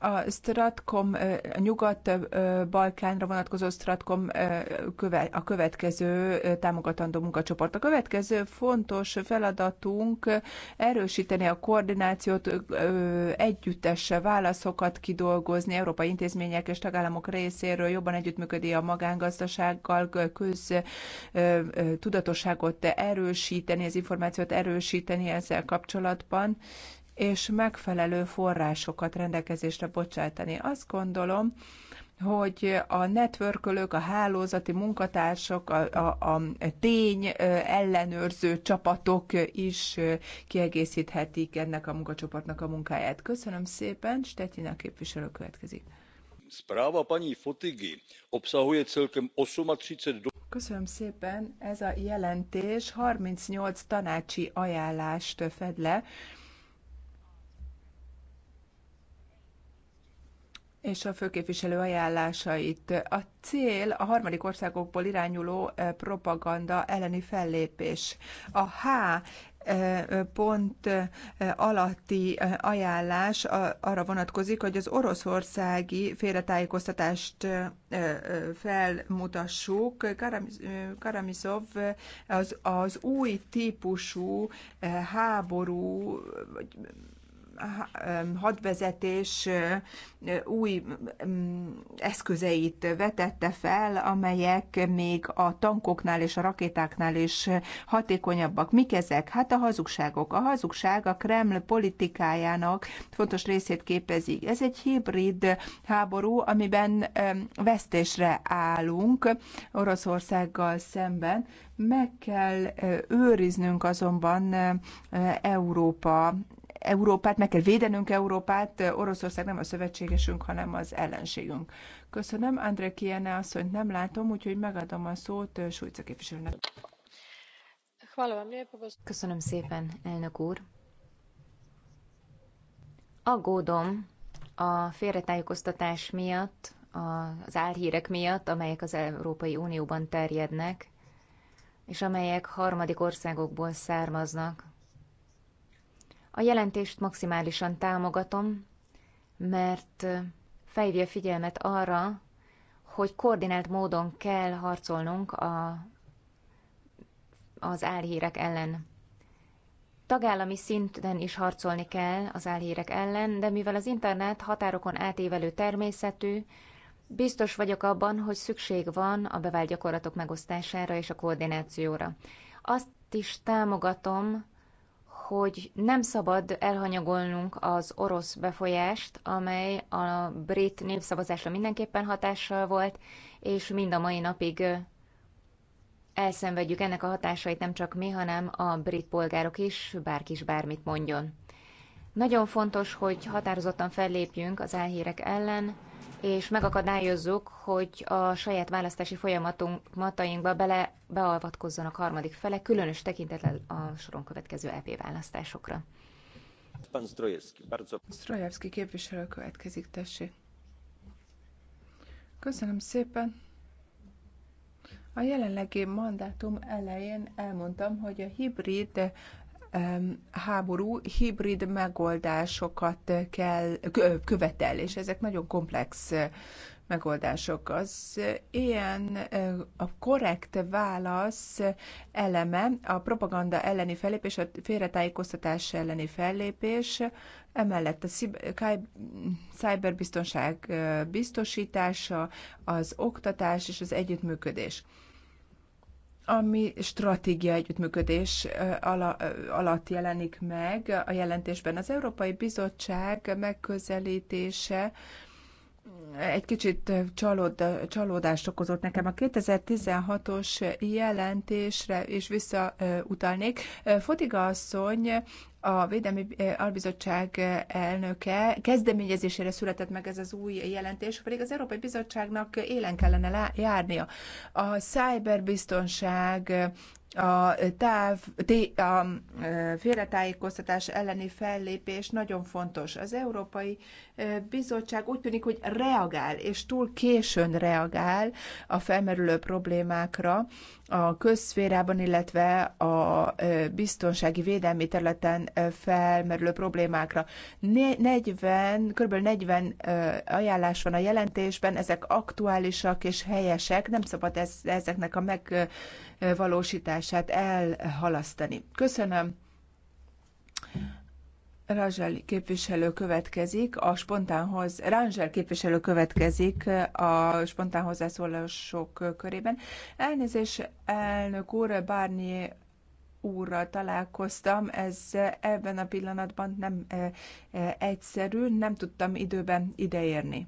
a Stratcom, a Nyugat-Balkánra vonatkozó Stratcom a következő támogatandó munkacsoport. A következő fontos feladatunk erősíteni a koordinációt, együttes válaszokat kidolgozni európai intézmények és tagállamok részéről, jobban együttműködni a magángazdasággal, köz tudatosságot erősíteni, az információt erősíteni ezzel kapcsolatban és megfelelő forrásokat rendelkezésre bocsátani. Azt gondolom, hogy a networkölők, a hálózati munkatársak, a, a, a tény ellenőrző csapatok is kiegészíthetik ennek a munkacsoportnak a munkáját. Köszönöm szépen, Stetina képviselő következik. Správa, paní Fotigi, obszahuje celkem 38 Köszönöm szépen, ez a jelentés 38 tanácsi ajánlást fed le, és a főképviselő ajánlásait. A cél a harmadik országokból irányuló propaganda elleni fellépés. A H pont alatti ajánlás arra vonatkozik, hogy az oroszországi félretájékoztatást felmutassuk. Karamizov az, az új típusú háború, hadvezetés új eszközeit vetette fel, amelyek még a tankoknál és a rakétáknál is hatékonyabbak. Mik ezek? Hát a hazugságok. A hazugság a Kreml politikájának fontos részét képezik. Ez egy hibrid háború, amiben vesztésre állunk Oroszországgal szemben. Meg kell őriznünk azonban Európa Európát, meg kell védenünk Európát, Oroszország nem a szövetségesünk, hanem az ellenségünk. Köszönöm, André Kiene asszonyt nem látom, úgyhogy megadom a szót Sújca képviselőnek. Köszönöm szépen, elnök úr. Aggódom a félretájékoztatás miatt, az álhírek miatt, amelyek az Európai Unióban terjednek, és amelyek harmadik országokból származnak. A jelentést maximálisan támogatom, mert a figyelmet arra, hogy koordinált módon kell harcolnunk a, az álhírek ellen. Tagállami szinten is harcolni kell az álhírek ellen, de mivel az internet határokon átévelő természetű, biztos vagyok abban, hogy szükség van a bevált gyakorlatok megosztására és a koordinációra. Azt is támogatom, hogy nem szabad elhanyagolnunk az orosz befolyást, amely a brit népszavazásra mindenképpen hatással volt, és mind a mai napig elszenvedjük ennek a hatásait nem csak mi, hanem a brit polgárok is, bárki is bármit mondjon. Nagyon fontos, hogy határozottan fellépjünk az álhírek ellen, és megakadályozzuk, hogy a saját választási folyamatunkmatainkba bele beavatkozzanak harmadik felek, különös tekintettel a soron következő EP választásokra. Strojevski képviselő következik, tessék. Köszönöm szépen. A jelenlegi mandátum elején elmondtam, hogy a hibrid háború hibrid megoldásokat kell, követel, és ezek nagyon komplex megoldások. Az ilyen a korrekt válasz eleme, a propaganda elleni fellépés, a félretájékoztatás elleni fellépés, emellett a cyberbiztonság biztosítása, az oktatás és az együttműködés ami stratégia együttműködés alatt jelenik meg a jelentésben. Az Európai Bizottság megközelítése egy kicsit csalód, csalódást okozott nekem. A 2016-os jelentésre is visszautalnék. Fotiga asszony a Védelmi Albizottság elnöke kezdeményezésére született meg ez az új jelentés, pedig az Európai Bizottságnak élen kellene járnia. A cyberbiztonság, a, táv, a félretájékoztatás elleni fellépés nagyon fontos. Az Európai Bizottság úgy tűnik, hogy reagál, és túl későn reagál a felmerülő problémákra, a közszférában, illetve a biztonsági védelmi területen felmerülő problémákra. 40, kb. 40 ajánlás van a jelentésben, ezek aktuálisak és helyesek, nem szabad ezeknek a megvalósítását elhalasztani. Köszönöm Rangel képviselő következik, a spontánhoz, Rangel képviselő következik a spontán hozzászólások körében. Elnézés, elnök úr, Barnier úrral találkoztam, ez ebben a pillanatban nem e, e, egyszerű, nem tudtam időben ideérni.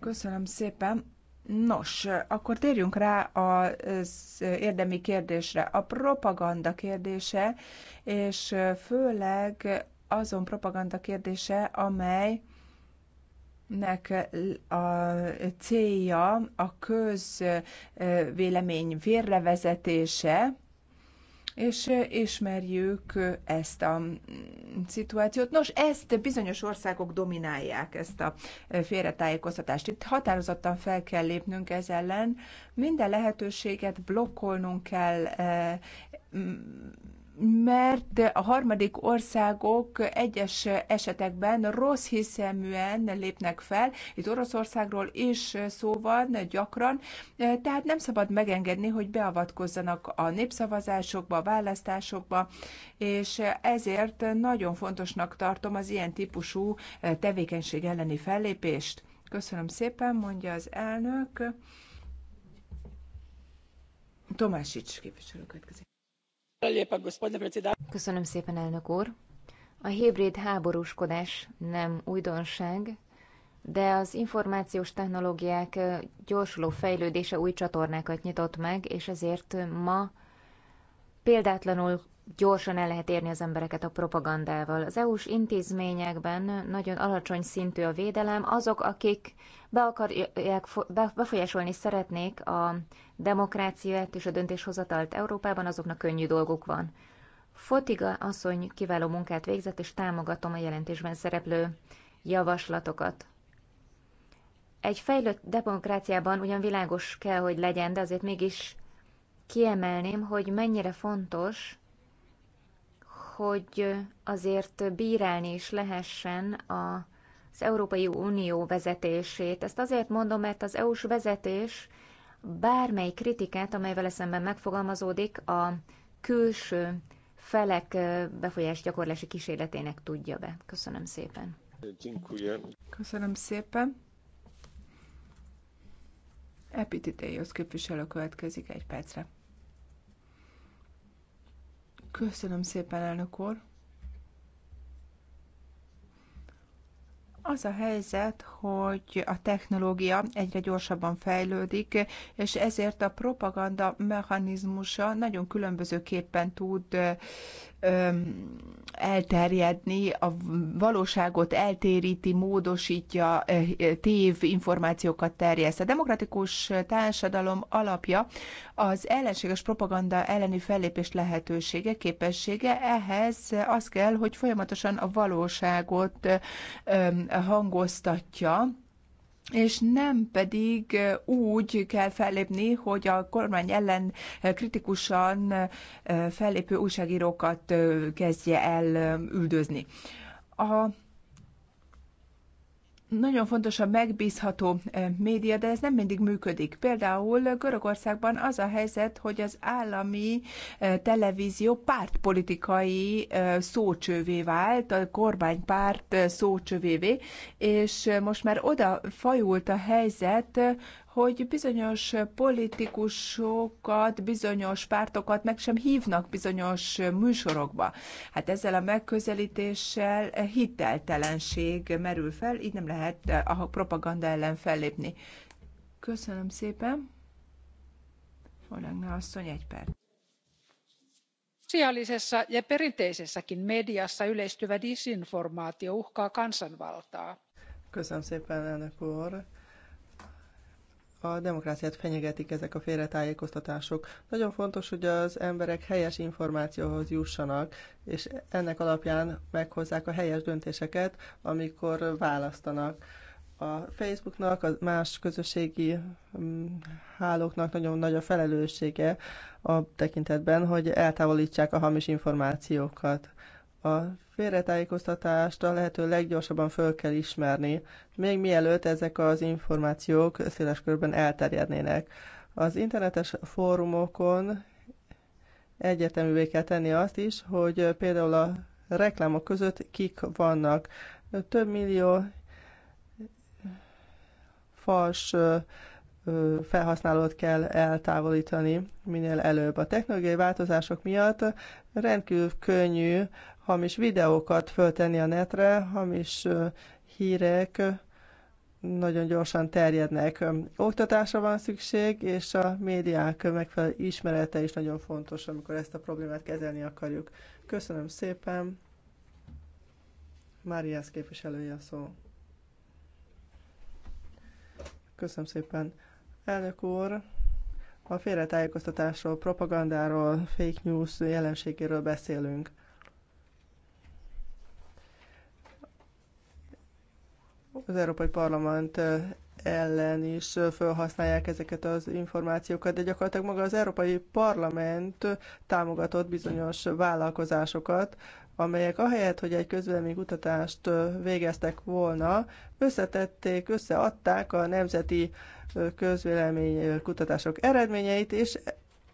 Köszönöm szépen. Nos, akkor térjünk rá az érdemi kérdésre. A propaganda kérdése, és főleg azon propaganda kérdése, amely nek a célja a közvélemény vérrevezetése, és ismerjük ezt a mm, szituációt. Nos, ezt bizonyos országok dominálják, ezt a félretájékoztatást. Itt határozottan fel kell lépnünk ez ellen, minden lehetőséget blokkolnunk kell, mert a harmadik országok egyes esetekben rossz hiszeműen lépnek fel, itt Oroszországról is szó van gyakran, tehát nem szabad megengedni, hogy beavatkozzanak a népszavazásokba, a választásokba, és ezért nagyon fontosnak tartom az ilyen típusú tevékenység elleni fellépést. Köszönöm szépen, mondja az elnök. Tomásics képviselő következik. Köszönöm szépen, elnök úr. A hibrid háborúskodás nem újdonság, de az információs technológiák gyorsuló fejlődése új csatornákat nyitott meg, és ezért ma példátlanul gyorsan el lehet érni az embereket a propagandával. Az EU-s intézményekben nagyon alacsony szintű a védelem. Azok, akik be akarják, befolyásolni szeretnék a demokráciát és a döntéshozatalt Európában, azoknak könnyű dolguk van. Fotiga asszony kiváló munkát végzett, és támogatom a jelentésben szereplő javaslatokat. Egy fejlődt demokráciában ugyan világos kell, hogy legyen, de azért mégis kiemelném, hogy mennyire fontos, hogy azért bírálni is lehessen a, az Európai Unió vezetését. Ezt azért mondom, mert az EU-s vezetés bármely kritikát, amely vele szemben megfogalmazódik, a külső felek befolyás gyakorlási kísérletének tudja be. Köszönöm szépen. Köszönöm szépen. Epititéihoz képviselő következik egy percre. Köszönöm szépen, elnök úr. Az a helyzet, hogy a technológia egyre gyorsabban fejlődik, és ezért a propaganda mechanizmusa nagyon különbözőképpen tud elterjedni, a valóságot eltéríti, módosítja, tév információkat terjeszt. A demokratikus társadalom alapja az ellenséges propaganda elleni fellépés lehetősége, képessége, ehhez az kell, hogy folyamatosan a valóságot hangoztatja, és nem pedig úgy kell fellépni, hogy a kormány ellen kritikusan fellépő újságírókat kezdje el üldözni. A nagyon fontos a megbízható eh, média, de ez nem mindig működik. Például Görögországban az a helyzet, hogy az állami eh, televízió pártpolitikai eh, szócsővé vált, a kormánypárt szócsővévé, és most már oda fajult a helyzet, hogy bizonyos politikusokat, bizonyos pártokat meg sem hívnak bizonyos műsorokba. Hát ezzel a megközelítéssel hiteltelenség merül fel, így nem lehet a propaganda ellen fellépni. Köszönöm szépen. Olegna asszony, egy perc. Sosiaalisessa ja perinteisessäkin mediassa yleistyvä disinformaatio uhkaa kansanvaltaa. Köszönöm szépen, elnök úr a demokráciát fenyegetik ezek a félretájékoztatások. Nagyon fontos, hogy az emberek helyes információhoz jussanak, és ennek alapján meghozzák a helyes döntéseket, amikor választanak. A Facebooknak, a más közösségi mm, hálóknak nagyon nagy a felelőssége a tekintetben, hogy eltávolítsák a hamis információkat. A félretájékoztatást a lehető leggyorsabban föl kell ismerni, még mielőtt ezek az információk széles körben elterjednének. Az internetes fórumokon egyeteművé kell tenni azt is, hogy például a reklámok között kik vannak. Több millió fals felhasználót kell eltávolítani minél előbb. A technológiai változások miatt rendkívül könnyű hamis videókat föltenni a netre, hamis hírek nagyon gyorsan terjednek. Oktatásra van szükség, és a médiák megfelelő ismerete is nagyon fontos, amikor ezt a problémát kezelni akarjuk. Köszönöm szépen. Máriász képviselője a szó. Köszönöm szépen. Elnök úr, a félretájékoztatásról, propagandáról, fake news jelenségéről beszélünk. az Európai Parlament ellen is felhasználják ezeket az információkat, de gyakorlatilag maga az Európai Parlament támogatott bizonyos vállalkozásokat, amelyek ahelyett, hogy egy közvélemény kutatást végeztek volna, összetették, összeadták a nemzeti közvélemény kutatások eredményeit, és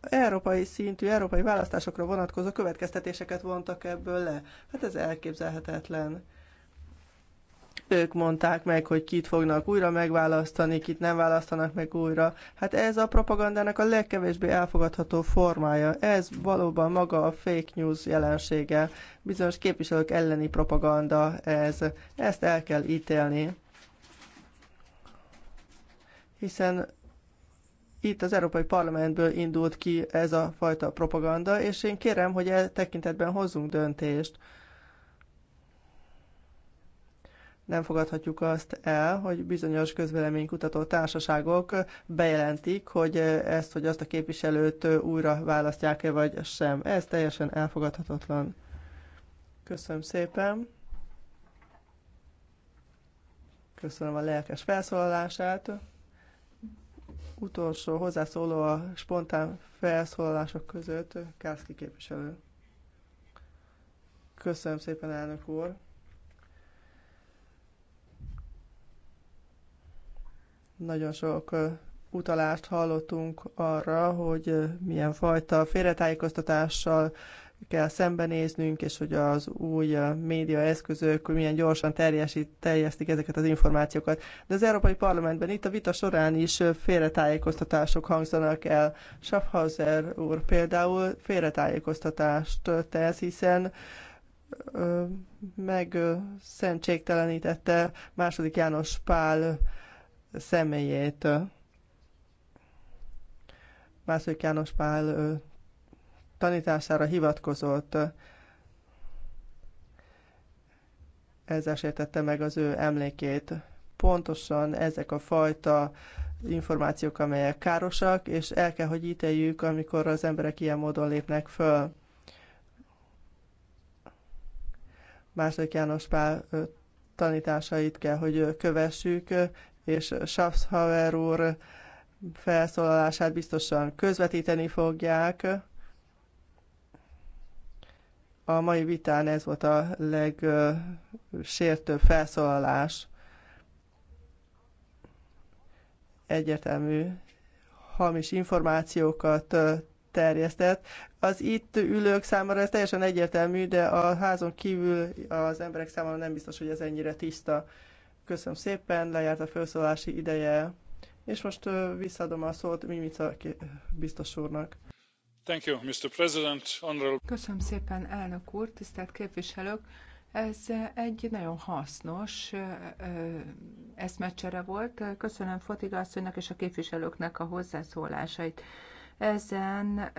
európai szintű, európai választásokra vonatkozó következtetéseket vontak ebből le. Hát ez elképzelhetetlen. Ők mondták meg, hogy kit fognak újra megválasztani, kit nem választanak meg újra. Hát ez a propagandának a legkevésbé elfogadható formája. Ez valóban maga a fake news jelensége. Bizonyos képviselők elleni propaganda ez. Ezt el kell ítélni. Hiszen itt az Európai Parlamentből indult ki ez a fajta propaganda, és én kérem, hogy e tekintetben hozzunk döntést. Nem fogadhatjuk azt el, hogy bizonyos közvéleménykutató társaságok bejelentik, hogy ezt hogy azt a képviselőt újra választják-e vagy sem. Ez teljesen elfogadhatatlan. Köszönöm szépen. Köszönöm a lelkes felszólalását. Utolsó hozzászóló a spontán felszólalások között, Kászki képviselő. Köszönöm szépen, elnök úr! Nagyon sok utalást hallottunk arra, hogy milyen fajta félretájékoztatással kell szembenéznünk, és hogy az új média eszközök milyen gyorsan terjesít, terjesztik ezeket az információkat. De az Európai Parlamentben itt a vita során is félretájékoztatások hangzanak el. Schaffhauser úr például félretájékoztatást tesz, hiszen meg szentségtelenítette második János Pál személyét. Mászlók János Pál tanítására hivatkozott, ez sértette meg az ő emlékét. Pontosan ezek a fajta információk, amelyek károsak, és el kell, hogy ítéljük, amikor az emberek ilyen módon lépnek föl. Második János Pál tanításait kell, hogy kövessük, és Schaffhauer úr felszólalását biztosan közvetíteni fogják. A mai vitán ez volt a legsértőbb felszólalás. Egyértelmű hamis információkat terjesztett. Az itt ülők számára ez teljesen egyértelmű, de a házon kívül az emberek számára nem biztos, hogy ez ennyire tiszta. Köszönöm szépen, lejárt a felszólási ideje, és most visszaadom a szót Mimica biztos úrnak. Thank you, Mr. President. Honorable... Köszönöm szépen, elnök úr, tisztelt képviselők! Ez egy nagyon hasznos eszmecsere volt. Köszönöm Fotiga asszonynak és a képviselőknek a hozzászólásait. Ezen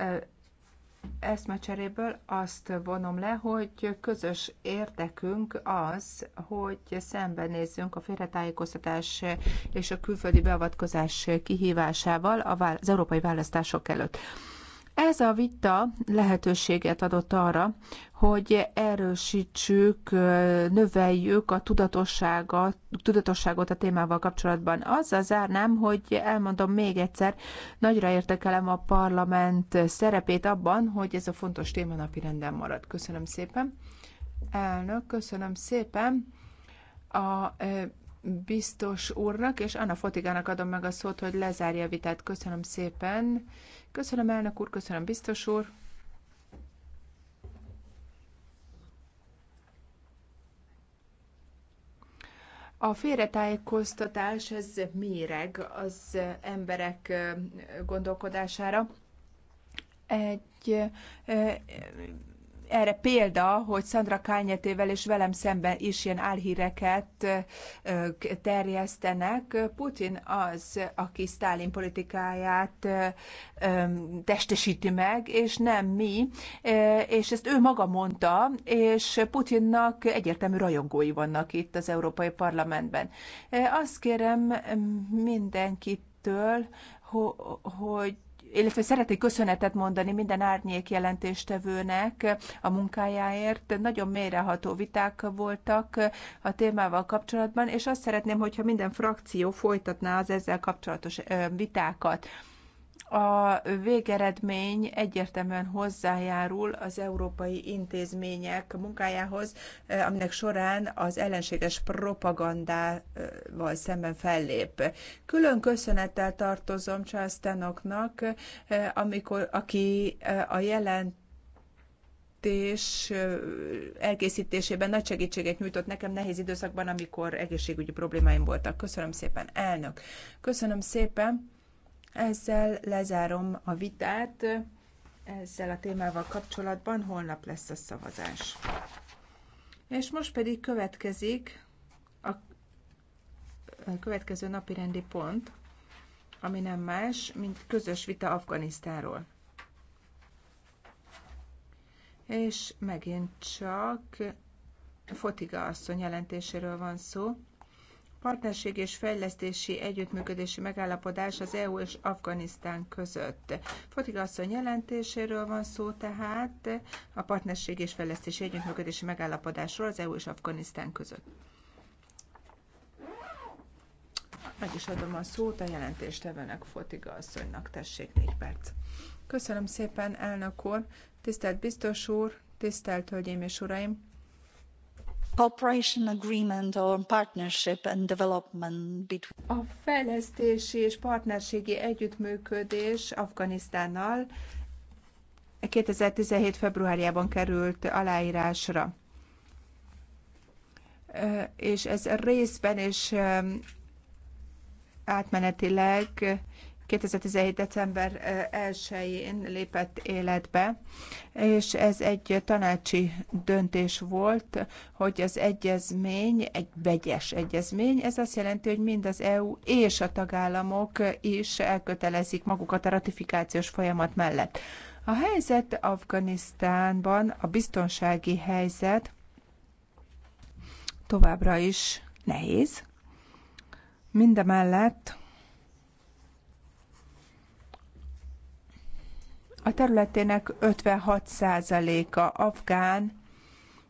eszmecseréből azt vonom le, hogy közös érdekünk az, hogy szembenézzünk a félretájékoztatás és a külföldi beavatkozás kihívásával az európai választások előtt. Ez a vita lehetőséget adott arra, hogy erősítsük, növeljük a tudatosságot, tudatosságot a témával kapcsolatban. Azzal zárnám, hogy elmondom még egyszer, nagyra értekelem a parlament szerepét abban, hogy ez a fontos téma napi renden marad. Köszönöm szépen. Elnök, köszönöm szépen. A biztos úrnak és Anna Fotigának adom meg a szót, hogy lezárja a vitát. Köszönöm szépen. Köszönöm, elnök úr, köszönöm, biztos úr. A félretájékoztatás, ez méreg az emberek gondolkodására. Egy erre példa, hogy Sandra Kányetével és velem szemben is ilyen álhíreket terjesztenek. Putin az, aki Sztálin politikáját testesíti meg, és nem mi, és ezt ő maga mondta, és Putinnak egyértelmű rajongói vannak itt az Európai Parlamentben. Azt kérem mindenkitől, hogy illetve szeretnék köszönetet mondani minden árnyék jelentéstevőnek a munkájáért. Nagyon mélyreható viták voltak a témával kapcsolatban, és azt szeretném, hogyha minden frakció folytatná az ezzel kapcsolatos vitákat a végeredmény egyértelműen hozzájárul az európai intézmények munkájához, eh, aminek során az ellenséges propagandával szemben fellép. Külön köszönettel tartozom Charles Tenoknak, eh, amikor, aki eh, a jelent jelentés elkészítésében nagy segítséget nyújtott nekem nehéz időszakban, amikor egészségügyi problémáim voltak. Köszönöm szépen, elnök. Köszönöm szépen. Ezzel lezárom a vitát. Ezzel a témával kapcsolatban holnap lesz a szavazás. És most pedig következik a következő napi rendi pont, ami nem más, mint közös vita Afganisztáról. És megint csak Fotiga asszony jelentéséről van szó partnerség és fejlesztési együttműködési megállapodás az EU és Afganisztán között. Fotik asszony jelentéséről van szó tehát a partnerség és fejlesztési együttműködési megállapodásról az EU és Afganisztán között. Meg is adom a szót a jelentéstevőnek, Fotiga asszonynak. Tessék, négy perc. Köszönöm szépen, elnök úr, tisztelt biztos úr, tisztelt hölgyeim és uraim! cooperation agreement or partnership and development between a fejlesztési és partnerségi együttműködés Afganisztánnal 2017. februárjában került aláírásra. És ez részben és átmenetileg 2017. december 1-én lépett életbe, és ez egy tanácsi döntés volt, hogy az egyezmény egy vegyes egyezmény. Ez azt jelenti, hogy mind az EU és a tagállamok is elkötelezik magukat a ratifikációs folyamat mellett. A helyzet Afganisztánban, a biztonsági helyzet továbbra is nehéz. Mindemellett A területének 56%-a afgán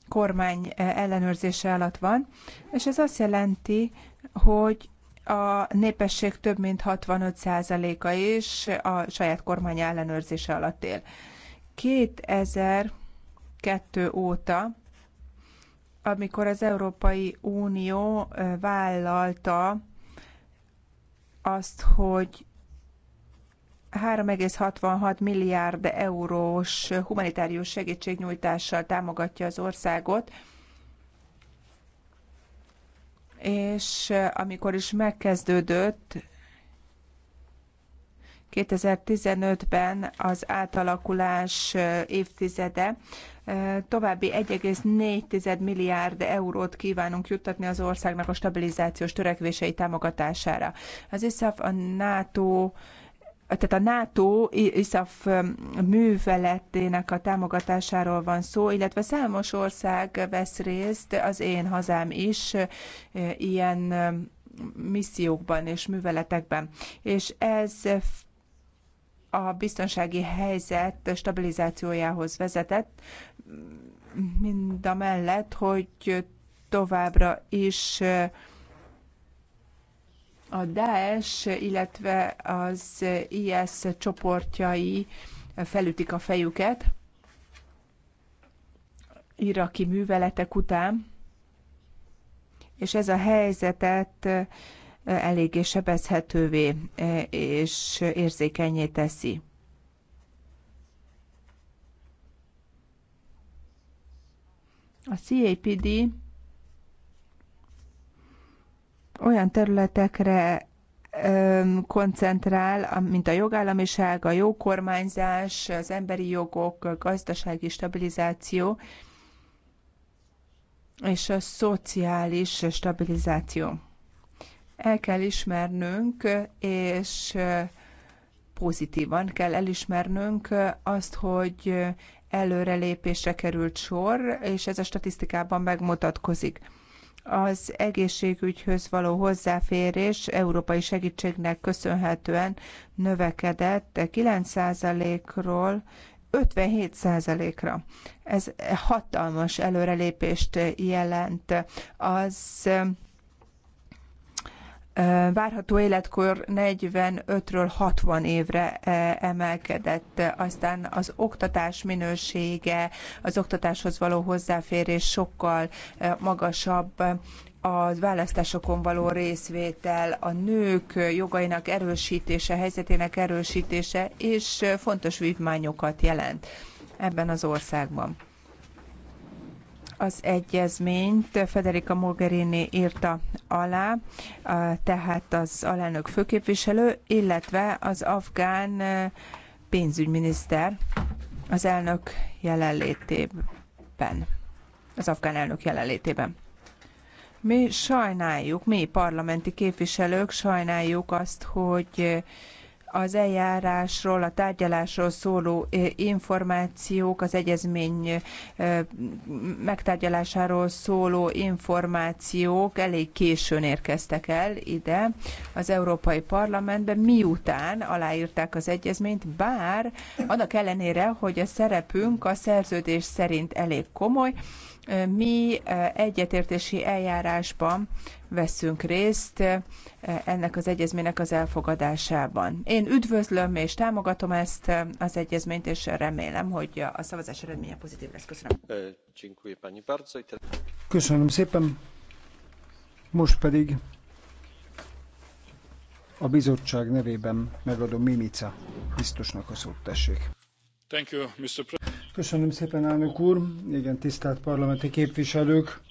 kormány eh, ellenőrzése alatt van, és ez azt jelenti, hogy a népesség több mint 65%-a is a saját kormány ellenőrzése alatt él. 2002 óta, amikor az Európai Unió eh, vállalta azt, hogy 3,66 milliárd eurós humanitárius segítségnyújtással támogatja az országot, és amikor is megkezdődött 2015-ben az átalakulás évtizede, további 1,4 milliárd eurót kívánunk juttatni az országnak a stabilizációs törekvései támogatására. Az ISZAF a NATO tehát a NATO ISAF um, műveletének a támogatásáról van szó, illetve számos ország vesz részt, az én hazám is uh, ilyen um, missziókban és műveletekben. És ez a biztonsági helyzet stabilizációjához vezetett, mind a mellett, hogy továbbra is uh, a Daesh, illetve az IS csoportjai felütik a fejüket iraki műveletek után, és ez a helyzetet eh, eléggé sebezhetővé eh, és érzékenyé teszi. A CAPD olyan területekre koncentrál, mint a jogállamiság, a jó kormányzás, az emberi jogok, a gazdasági stabilizáció és a szociális stabilizáció. El kell ismernünk, és pozitívan kell elismernünk azt, hogy előrelépésre került sor, és ez a statisztikában megmutatkozik az egészségügyhöz való hozzáférés európai segítségnek köszönhetően növekedett 9%-ról 57%-ra. Ez hatalmas előrelépést jelent. Az várható életkor 45-ről 60 évre emelkedett, aztán az oktatás minősége, az oktatáshoz való hozzáférés sokkal magasabb, a választásokon való részvétel, a nők jogainak erősítése, helyzetének erősítése és fontos vívmányokat jelent ebben az országban az egyezményt Federica Mogherini írta alá, tehát az alelnök főképviselő, illetve az afgán pénzügyminiszter az elnök jelenlétében, az afgán elnök jelenlétében. Mi sajnáljuk, mi parlamenti képviselők sajnáljuk azt, hogy az eljárásról, a tárgyalásról szóló információk, az egyezmény megtárgyalásáról szóló információk elég későn érkeztek el ide az Európai Parlamentbe, miután aláírták az egyezményt, bár annak ellenére, hogy a szerepünk a szerződés szerint elég komoly, mi egyetértési eljárásban veszünk részt ennek az egyezménynek az elfogadásában. Én üdvözlöm és támogatom ezt az egyezményt, és remélem, hogy a szavazás eredménye pozitív lesz. Köszönöm. Köszönöm szépen. Most pedig a bizottság nevében megadom Mimica biztosnak a szót, tessék. Thank you, Mr. President. Köszönöm szépen, elnök úr. Igen, tisztelt parlamenti képviselők.